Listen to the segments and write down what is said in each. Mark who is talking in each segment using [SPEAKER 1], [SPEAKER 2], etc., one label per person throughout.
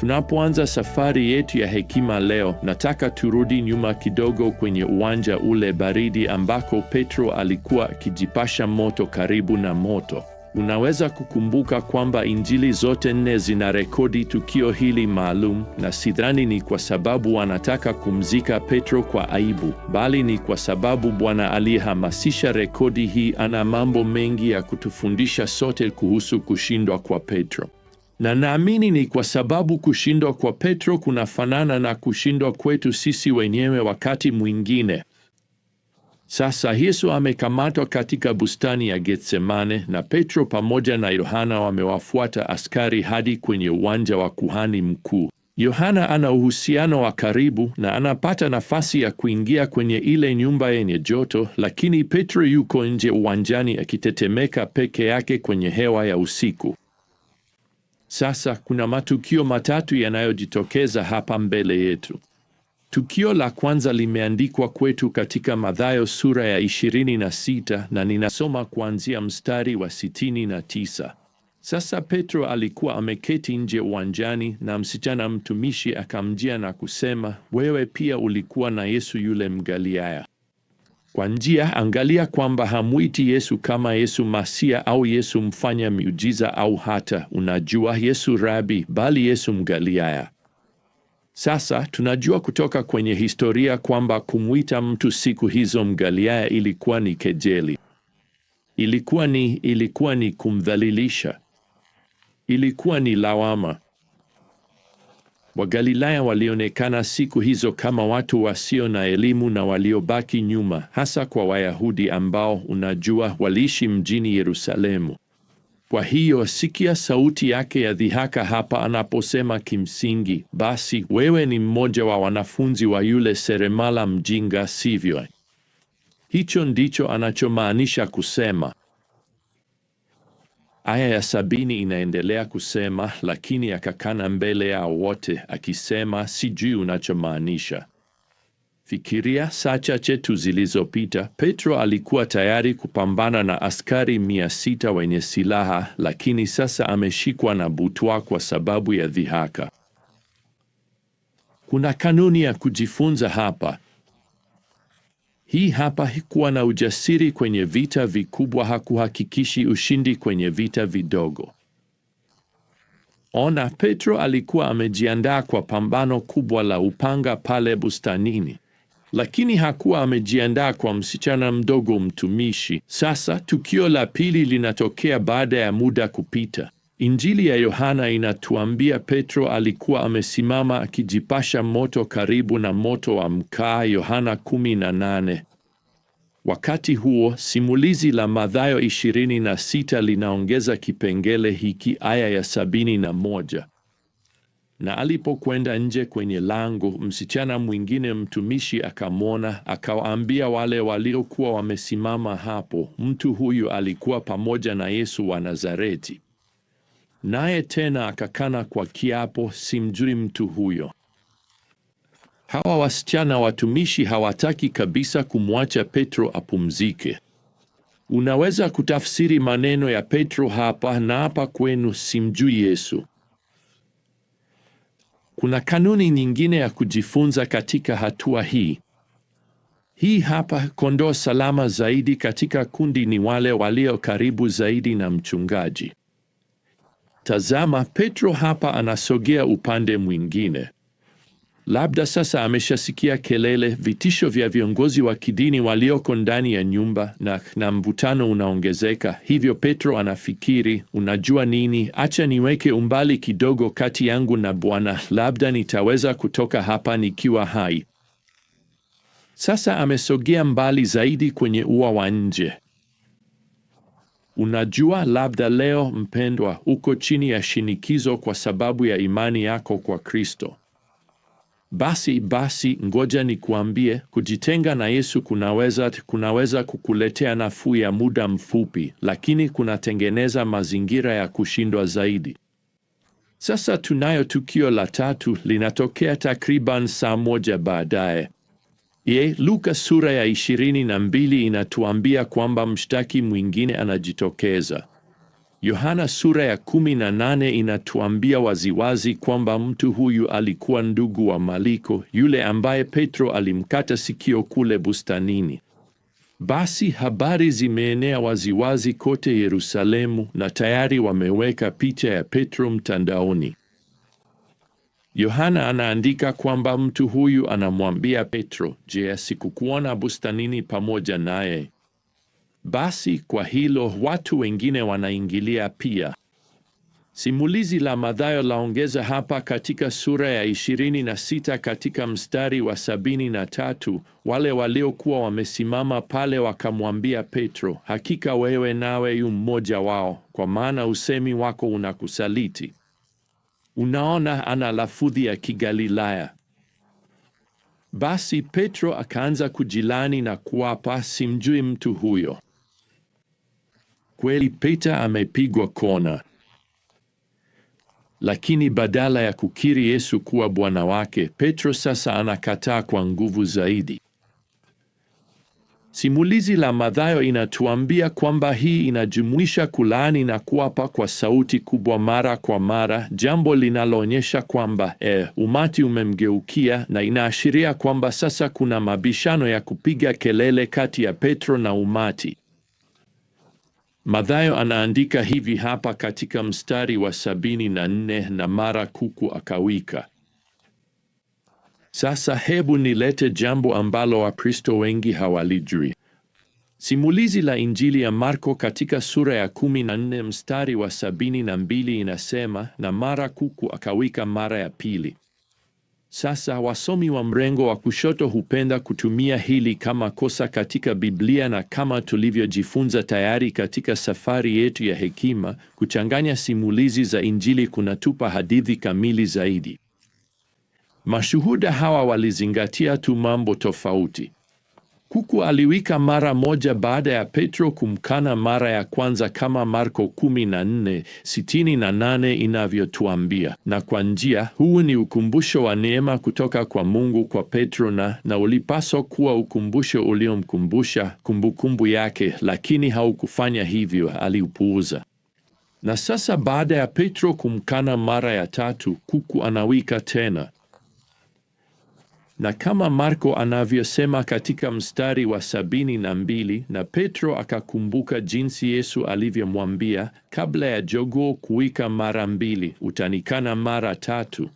[SPEAKER 1] Tunapoanza safari yetu ya hekima leo, nataka turudi nyuma kidogo kwenye uwanja ule baridi ambako Petro alikuwa akijipasha moto karibu na moto. Unaweza kukumbuka kwamba Injili zote nne zina rekodi tukio hili maalum, na sidhani ni kwa sababu wanataka kumzika Petro kwa aibu, bali ni kwa sababu Bwana aliyehamasisha rekodi hii ana mambo mengi ya kutufundisha sote kuhusu kushindwa kwa Petro na naamini ni kwa sababu kushindwa kwa Petro kunafanana na kushindwa kwetu sisi wenyewe wakati mwingine. Sasa Yesu amekamatwa katika bustani ya Getsemane, na Petro pamoja na Yohana wamewafuata askari hadi kwenye uwanja wa kuhani mkuu. Yohana ana uhusiano wa karibu na anapata nafasi ya kuingia kwenye ile nyumba yenye joto, lakini Petro yuko nje uwanjani akitetemeka peke yake kwenye hewa ya usiku. Sasa kuna matukio matatu yanayojitokeza hapa mbele yetu. Tukio la kwanza limeandikwa kwetu katika Mathayo sura ya 26 na ninasoma kuanzia mstari wa 69. Sasa Petro alikuwa ameketi nje uwanjani, na msichana mtumishi akamjia na kusema, wewe pia ulikuwa na Yesu yule mgaliaya kwa njia, angalia kwamba hamwiti Yesu kama Yesu Masia au Yesu mfanya miujiza au hata unajua, Yesu Rabi, bali Yesu mgaliaya Sasa tunajua kutoka kwenye historia kwamba kumwita mtu siku hizo mgaliaya ilikuwa ni kejeli, ilikuwa ni ilikuwa ni kumdhalilisha, ilikuwa ni lawama. Wagalilaya walionekana siku hizo kama watu wasio na elimu na waliobaki nyuma, hasa kwa Wayahudi ambao, unajua, waliishi mjini Yerusalemu. Kwa hiyo sikia sauti yake ya dhihaka hapa anaposema kimsingi, basi wewe ni mmoja wa wanafunzi wa yule seremala mjinga, sivyo? Hicho ndicho anachomaanisha kusema. Aya ya sabini inaendelea kusema, lakini akakana mbele yao wote akisema, sijui unachomaanisha. Fikiria, saa chache tu zilizopita Petro alikuwa tayari kupambana na askari mia sita wenye silaha, lakini sasa ameshikwa na butwa kwa sababu ya dhihaka. Kuna kanuni ya kujifunza hapa. Hii hapa hikuwa na ujasiri kwenye vita vikubwa hakuhakikishi ushindi kwenye vita vidogo. Ona, Petro alikuwa amejiandaa kwa pambano kubwa la upanga pale bustanini, lakini hakuwa amejiandaa kwa msichana mdogo mtumishi. Sasa tukio la pili linatokea baada ya muda kupita. Injili ya Yohana inatuambia Petro alikuwa amesimama akijipasha moto karibu na moto wa mkaa, Yohana 18. Wakati huo simulizi la Mathayo 26 linaongeza kipengele hiki, aya ya 71: na alipokwenda nje kwenye lango, msichana mwingine mtumishi akamwona, akawaambia wale waliokuwa wamesimama hapo, mtu huyu alikuwa pamoja na Yesu wa Nazareti. Naye tena akakana kwa kiapo, simjui mtu huyo. Hawa wasichana watumishi hawataki kabisa kumwacha Petro apumzike. Unaweza kutafsiri maneno ya Petro hapa na hapa kwenu, simjui Yesu. Kuna kanuni nyingine ya kujifunza katika hatua hii. Hii hapa, kondoo salama zaidi katika kundi ni wale walio karibu zaidi na mchungaji. Tazama, Petro hapa anasogea upande mwingine. Labda sasa ameshasikia kelele, vitisho vya viongozi wa kidini walioko ndani ya nyumba na, na mvutano unaongezeka. Hivyo Petro anafikiri, unajua nini? Acha niweke umbali kidogo kati yangu na Bwana, labda nitaweza kutoka hapa nikiwa hai. Sasa amesogea mbali zaidi kwenye ua wa nje. Unajua, labda leo mpendwa, uko chini ya shinikizo kwa sababu ya imani yako kwa Kristo. Basi basi, ngoja nikuambie, kujitenga na Yesu kunaweza kunaweza kukuletea nafuu ya muda mfupi, lakini kunatengeneza mazingira ya kushindwa zaidi. Sasa tunayo tukio la tatu linatokea takriban saa moja baadaye ye Luka sura ya ishirini na mbili inatuambia kwamba mshtaki mwingine anajitokeza. Yohana sura ya kumi na nane inatuambia waziwazi kwamba mtu huyu alikuwa ndugu wa Maliko, yule ambaye Petro alimkata sikio kule bustanini. Basi habari zimeenea waziwazi kote Yerusalemu na tayari wameweka picha ya Petro mtandaoni. Yohana anaandika kwamba mtu huyu anamwambia Petro, je, sikukuona bustanini pamoja naye? Basi kwa hilo watu wengine wanaingilia pia. Simulizi la Mathayo laongeza hapa katika sura ya 26 katika mstari wa 73, wale waliokuwa wamesimama pale wakamwambia Petro, hakika wewe nawe yu mmoja wao, kwa maana usemi wako unakusaliti unaona ana lafudhi ya Kigalilaya. Basi Petro akaanza kujilani na kuapa, simjui mtu huyo. Kweli Peta amepigwa kona, lakini badala ya kukiri Yesu kuwa Bwana wake, Petro sasa anakataa kwa nguvu zaidi. Simulizi la Mathayo inatuambia kwamba hii inajumuisha kulaani na kuapa kwa sauti kubwa mara kwa mara, jambo linaloonyesha kwamba e, umati umemgeukia na inaashiria kwamba sasa kuna mabishano ya kupiga kelele kati ya Petro na umati. Mathayo anaandika hivi hapa katika mstari wa sabini na nne na mara kuku akawika. Sasa hebu nilete jambo ambalo Wakristo wengi hawalijui. Simulizi la Injili ya Marko katika sura ya 14 mstari wa 72 inasema, na mara kuku akawika mara ya pili. Sasa wasomi wa mrengo wa kushoto hupenda kutumia hili kama kosa katika Biblia, na kama tulivyojifunza tayari katika safari yetu ya hekima, kuchanganya simulizi za Injili kunatupa hadithi kamili zaidi. Mashuhuda hawa walizingatia tu mambo tofauti. Kuku aliwika mara moja baada ya Petro kumkana mara ya kwanza kama Marko 14:68 inavyotuambia. Na kwa njia, huu ni ukumbusho wa neema kutoka kwa Mungu kwa Petro na na ulipaswa kuwa ukumbusho uliomkumbusha kumbukumbu yake, lakini haukufanya hivyo, aliupuuza. Na sasa baada ya Petro kumkana mara ya tatu, kuku anawika tena. Na kama Marko anavyosema katika mstari wa sabini na mbili, na Petro akakumbuka jinsi Yesu alivyomwambia kabla ya jogoo kuwika mara mbili, utanikana mara tatu.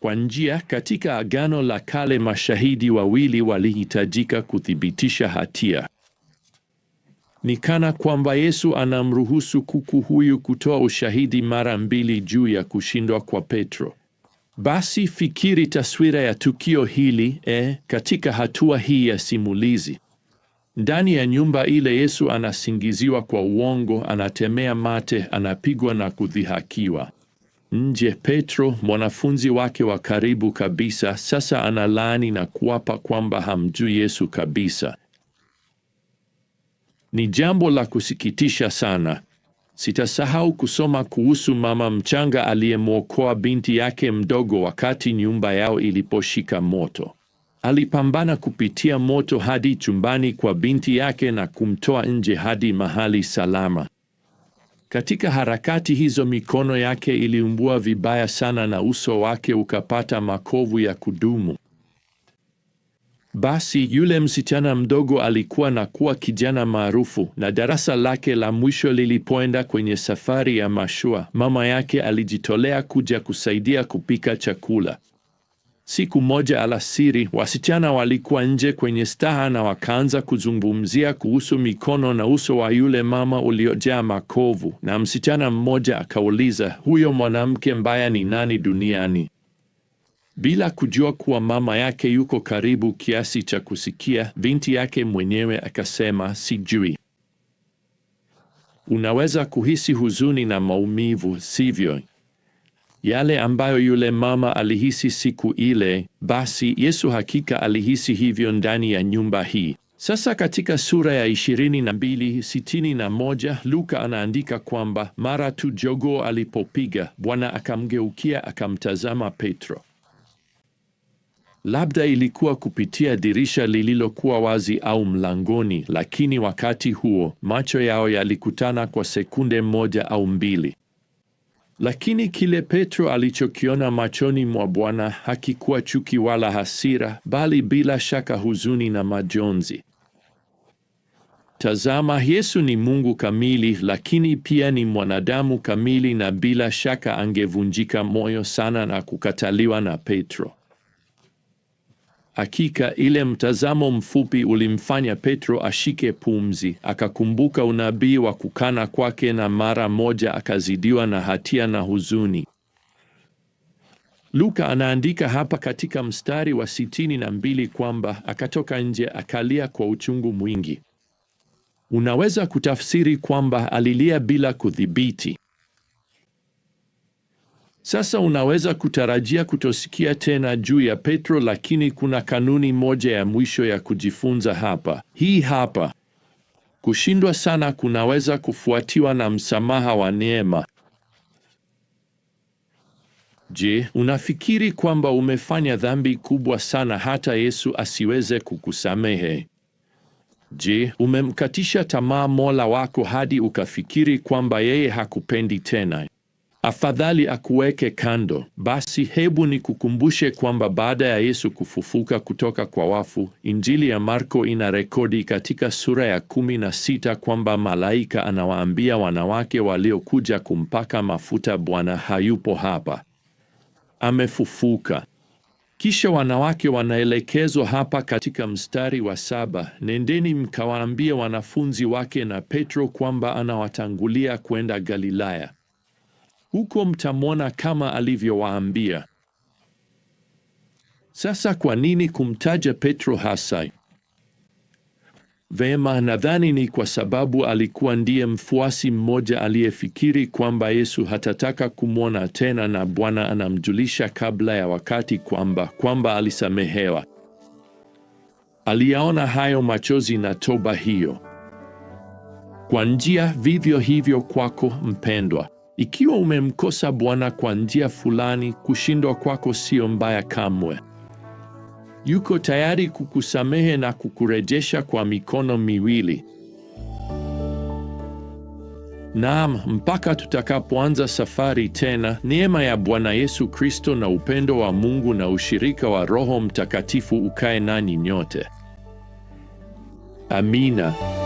[SPEAKER 1] Kwa njia, katika Agano la Kale mashahidi wawili walihitajika kuthibitisha hatia. Ni kana kwamba Yesu anamruhusu kuku huyu kutoa ushahidi mara mbili juu ya kushindwa kwa Petro. Basi fikiri taswira ya tukio hili e, katika hatua hii ya simulizi. Ndani ya nyumba ile, Yesu anasingiziwa kwa uongo, anatemea mate, anapigwa na kudhihakiwa. Nje, Petro, mwanafunzi wake wa karibu kabisa, sasa analaani na kuapa kwamba hamjui Yesu kabisa. Ni jambo la kusikitisha sana. Sitasahau kusoma kuhusu mama mchanga aliyemwokoa binti yake mdogo wakati nyumba yao iliposhika moto. Alipambana kupitia moto hadi chumbani kwa binti yake na kumtoa nje hadi mahali salama. Katika harakati hizo, mikono yake iliumbua vibaya sana na uso wake ukapata makovu ya kudumu. Basi yule msichana mdogo alikuwa na kuwa kijana maarufu, na darasa lake la mwisho lilipoenda kwenye safari ya mashua, mama yake alijitolea kuja kusaidia kupika chakula. Siku moja alasiri, wasichana walikuwa nje kwenye staha na wakaanza kuzungumzia kuhusu mikono na uso wa yule mama uliojaa makovu, na msichana mmoja akauliza, huyo mwanamke mbaya ni nani duniani? bila kujua kuwa mama yake yuko karibu kiasi cha kusikia binti yake mwenyewe akasema, sijui. Unaweza kuhisi huzuni na maumivu, sivyo? Yale ambayo yule mama alihisi siku ile, basi Yesu hakika alihisi hivyo ndani ya nyumba hii. Sasa katika sura ya 2261 Luka anaandika kwamba mara tu jogoo alipopiga, Bwana akamgeukia akamtazama Petro. Labda ilikuwa kupitia dirisha lililokuwa wazi au mlangoni, lakini wakati huo macho yao yalikutana kwa sekunde moja au mbili. Lakini kile Petro alichokiona machoni mwa Bwana hakikuwa chuki wala hasira, bali bila shaka huzuni na majonzi. Tazama, Yesu ni Mungu kamili, lakini pia ni mwanadamu kamili, na bila shaka angevunjika moyo sana na kukataliwa na Petro. Hakika ile mtazamo mfupi ulimfanya Petro ashike pumzi, akakumbuka unabii wa kukana kwake, na mara moja akazidiwa na hatia na huzuni. Luka anaandika hapa katika mstari wa sitini na mbili kwamba akatoka nje akalia kwa uchungu mwingi. Unaweza kutafsiri kwamba alilia bila kudhibiti. Sasa unaweza kutarajia kutosikia tena juu ya Petro, lakini kuna kanuni moja ya mwisho ya kujifunza hapa. Hii hapa: kushindwa sana kunaweza kufuatiwa na msamaha wa neema. Je, unafikiri kwamba umefanya dhambi kubwa sana hata Yesu asiweze kukusamehe? Je, umemkatisha tamaa Mola wako hadi ukafikiri kwamba yeye hakupendi tena? afadhali akuweke kando. Basi hebu nikukumbushe kwamba baada ya Yesu kufufuka kutoka kwa wafu, Injili ya Marko ina rekodi katika sura ya kumi na sita kwamba malaika anawaambia wanawake waliokuja kumpaka mafuta, Bwana hayupo hapa, amefufuka. Kisha wanawake wanaelekezwa hapa katika mstari wa saba, nendeni mkawaambie wanafunzi wake na Petro kwamba anawatangulia kwenda Galilaya huko mtamwona kama alivyowaambia. Sasa kwa nini kumtaja Petro hasa? Vema, nadhani ni kwa sababu alikuwa ndiye mfuasi mmoja aliyefikiri kwamba Yesu hatataka kumwona tena, na Bwana anamjulisha kabla ya wakati kwamba kwamba alisamehewa. Aliyaona hayo machozi na toba hiyo. Kwa njia vivyo hivyo kwako mpendwa. Ikiwa umemkosa Bwana kwa njia fulani, kushindwa kwako sio mbaya kamwe. Yuko tayari kukusamehe na kukurejesha kwa mikono miwili. Naam, mpaka tutakapoanza safari tena, neema ya Bwana Yesu Kristo na upendo wa Mungu na ushirika wa Roho Mtakatifu ukae nani nyote. Amina.